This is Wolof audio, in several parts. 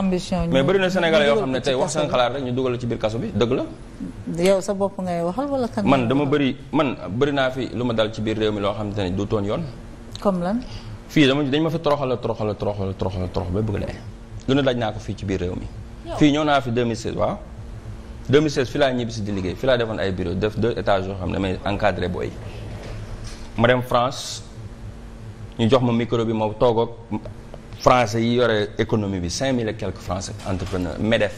ambition mais bëri na Sénégalais yoo xam ne tey wax seen xalaat rek ñu dugal ci biir kaso bi dëgg la. yow sa bopp ngay waxal wala kan. man dama bëri man bëri naa fi lu ma dal ci biir réew mi loo xamante ne du toon yoon. comme lan. fii dama dañ ma fi toroxal toroxal toroxal toroxal torox ba bëgg la lu ne daj naa ko fii ci biir réew mi. fii ñëw naa fi 2016 waaw. 2016 la laa ñibbisi di liggéey fi laa defoon ay bureau def deux étages yoo xam ne bi ma français yi yore économie bi cinq mille et quelques français entrepreneur MEDEF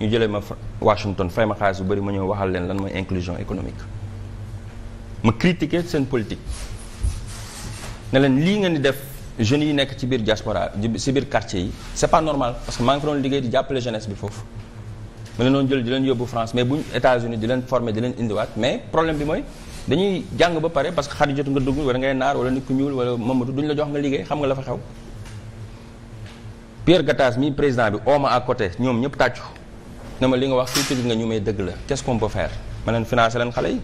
ñu jële ma Washington fay ma xaalis bu bëri ma ñëw waxal leen lan mooy inclusion économique ma critiqué seen politique ne leen lii ngeen di def jeunes yi nekk ci biir diaspora ci biir quartier yi c'est pas normal parce que maa ngi doon liggéey di jàppale jeunesse bi foofu ma leen doon jël di leen yóbbu France mais buñ États-Unis di leen former di leen indiwaat mais problème bi mooy dañuy jàng ba pare parce que xarit jot nga dugg wala ngay naar wala nit la jox nga liggéey xam nga la fa xew Pierre Gattaz mi président bi ooma à côté ñoom ñëpp tàccu ne ma li nga wax critique nga ñu may dëgg la qu'est-ce qu'on peut faire ma leen financé leen xale yi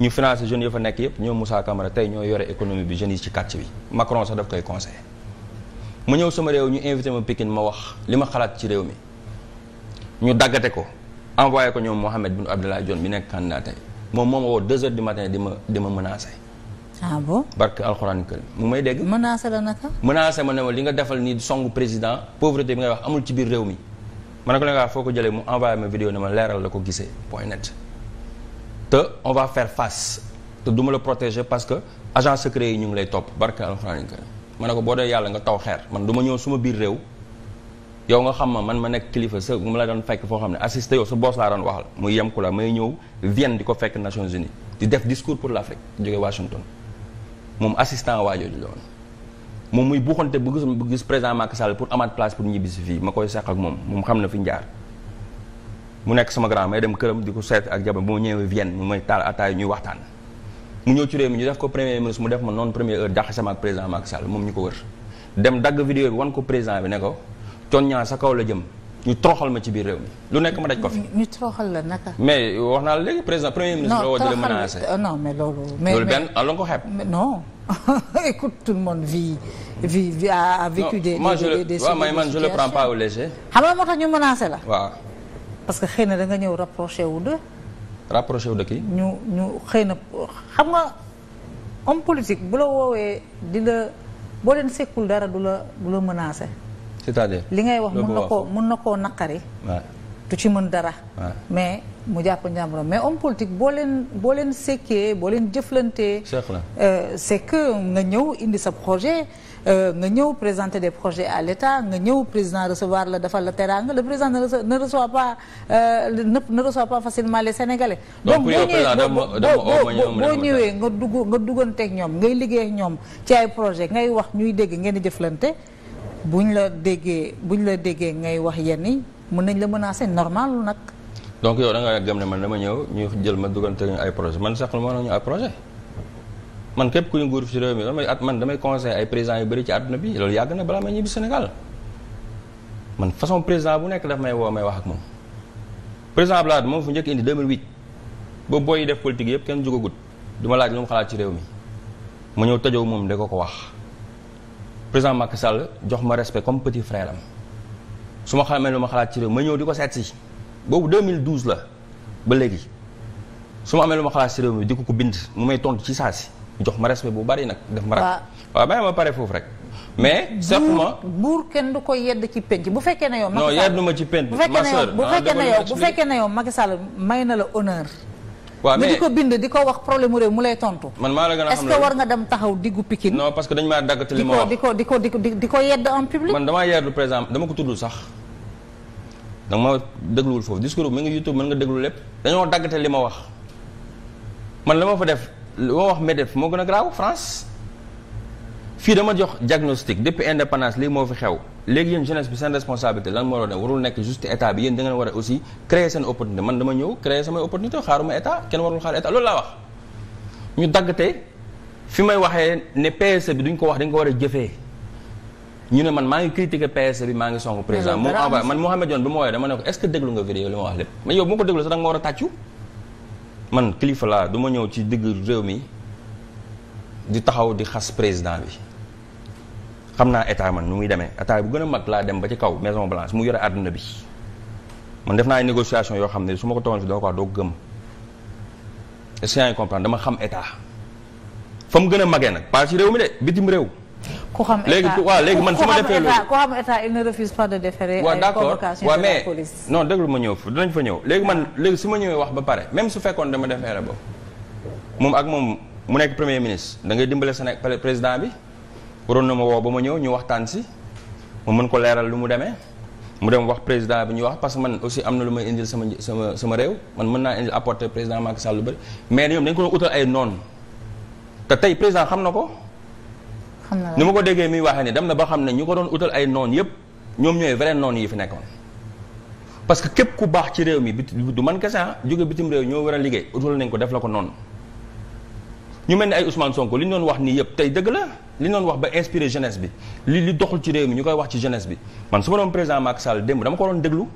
ñu financé jeunes yi fa nekk yëpp ñoom Moussa Camara tey ñoo yore économie bi jeunes yi ci quartier bi Macron sax daf koy conseillé ma ñëw sama réew ñu invité ma Pikine ma wax li ma xalaat ci réew mi ñu daggate ko envoyé ko ñoom Mohamed bin Abdallah Dionne bi nekk candidat tey moom moo ma woo 2 heures du matin di ma di ma menacé ah bon barke alxuraan karim mu may dégg. menacé la naka. menacé ma ne ma li nga defal nii songu président pauvreté bi ngay wax amul ci biir réew mi ma ne ko la nga wax foo ko jëlee mu envoyé ma vidéo ne ma leeral la ko gisee point net. te on va faire face te du ma la protéger parce que agent secret yi ñu ngi lay topp barke alxuraan karim ma ne ko boo dee yàlla nga taw xeer man du ma ñëw suma biir réew. yow nga xam ma man ma nekk kilifa sa mu la doon fekk foo xam ne assisté yow sa boos laa doon waxal muy yem ku la may ñëw Vienne di ko fekk Nations Unies di def discours pour l'Afrique jóge Washington. moom assistant waajooju loon moom muy buuxante bu gis bu gis président Macky Sall pour amaat place pour ñibbi si fii ma koy sàq ak moom moom xam na fi njaar mu nekk sama grand may dem këram di ko seet ak jabar bu ma ñëwee Vienne mu may taal ataay ñuy waxtaan mu ñëw ci réew mi ñu def ko premier ministre mu def ma noon première heure dàq sama ak président Macky Sall moom ñu ko wër dem dagg vidéo bi wan ko président bi ne ko con ñaa sa kaw la jëm ñu toroxal ma ci biir réew mi lu nekk ma daj ko fi. ñu toroxal la naka. mais wax naa la léegi président premier ministre. la woo di la menacé écoute tout le monde vit vit vit a, a vécu. Non, des moi des, je des, des, ouais, mais man ñu menacé la. waaw parce que xëy na da nga ñëw rapproché wu de. rapproché wu de kii. ñu ñu xëy na xam nga homme politique bu la woowee di la boo leen sekkul dara du la du la menacé. cest li ngay wax mën na koo mën na koo naqari. du ci mën dara. mais mu jàpp njàmburam mais homme politique boo leen boo leen sekkee boo leen jëflantee. Euh, c'est que nga ñëw indi sa projet. Euh, nga ñëw présenter des projet à l'État nga ñëw président recevoir la defal la teraanga le président ne reçoit pas euh, ne reçoit pas facilement les Sénégalais. donc boo ñëwee nga dugg nga dugganteeg ñoom ngay liggéey ñoom ci ay projet ngay wax ñuy dégg ngeen di jëflante buñ la déggee buñ la déggee ngay wax yenn mën nañ la menacer normal lu nag. donc yow da nga ne man dama ñëw ñu jël ma duggante ay projet man sax lu ma ñu ay projet man képp ku ñu nguur fi ci réew mi damay at man damay conseil ay président yu bëri ci àdduna bi loolu yàgg na balaa may ñibbi Sénégal man façon président bu nekk daf may woo may wax ak moom. président Abdoulaye moom fu njëkk indi 2008 ba booy def politique yëpp kenn jugagut du ma laaj lu mu xalaat ci réew mi mu ñëw tëjoo moom da ko wax président Macky Sall jox ma respect comme petit frère am. su ma xamee lu ma xalaat ci réew ma ñëw di ko seet si boobu 2012 la ba léegi su ma amee lu ma xalaat ci réew mi di ko ko bind mu may tontu ci saa si jox ma respect bu bari nag def ma rak waaw bàyyi ma pare foofu rek mais certainement buur kenn du ko yedd ci penc bu fekkee ne yow non yedd ma ci bu fekkee ne yow bu ah, ne yow Macky Sall may na la honneur waaw mais di ko bind di ko wax problème réew mu lay tontu. man maa la gën a xam est-ce war nga dem taxaw diggu Pikine. non parce que dañ maa dagg te li ma wax di ko di ko di ko di ko yedd en public. man damaa yeerlu par exemple dama ko tuddul sax danga ma dégluwul foofu discours YouTube mën nga déglu lépp dañoo dagg te li ma wax man la ma fa def li ma wax Medef moo gën a garaaw France. fii dama jox diagnostic depuis indépendance lii moo fi xew léegi yéen jeunesse bi seen responsabilité lan moo doon ne warul nekk juste état bi yéen da ngeen war a aussi créer seen opportunité man dama ñëw créer samay opportunité xaaruma état kenn warul xaar état loolu laa wax. ñu dagg tey fi may waxee ne PSE bi duñ ko wax dañ ko war a jëfee ñu ne man maa ngi critiqué PSE bi maa ngi songu président mu envoyé man Mouhamed Dione bi ma woowee dama ne ko est ce a tàccu man kilifa laa du ma ñëw ci digg réew mi. di taxaw di xas président bi xam naa état man nu muy demee état bu gën a mag laa dem ba ci kaw Maison Blanche mu yore àdduna bi man def naa ay négociation yoo xam ne su ma ko toogoon fi doo ko wax doo gëm est-ce que dama xam état fa mu gën a magee nag pas ci réew mi de bitim réew. ku xam état léegi waaw léegi man su ma defee loolu ku xam état il ne refuse pas de déférer. waaw euh, d'accord waaw mais non lu ma ñëw dinañ fa ñëw léegi man ah. léegi su ma ñëwee wax ba pare même su fekkoon dama defeere ba mu nekk premier ministre dangay dimbale sa dimbale Sénégal président bi waroon na ma wow ba ma ñëw ñu waxtaan si ma mën ko leeral lu mu demee mu dem wax président bi ñu wax parce que man aussi am na lu may indil sama sama sama réew man mën naa indil apporter président Macky Sall lu bëri mais ñoom dañ ko doon utal ay noon te tey président xam na ko. ni ma ko déggee muy waxee ni dem na ba xam ne ñu ko doon utal ay noon yëpp ñoom ñooy vrai noon yi fi nekkoon. parce que képp ku baax ci réew mi du man kese ah, jóge bitim réew ñoo war a liggéey utal nañ ko def la ko noonu. ñu mel ni ay Ousmane Sonko li ñu wax nii yëpp tey dëgg la li ñu doon wax ba inspiré jeunesse bi li li doxul ci réew mi ñu koy wax ci jeunesse bi man su ma doon président Macky Sall démb dama ko doon déglu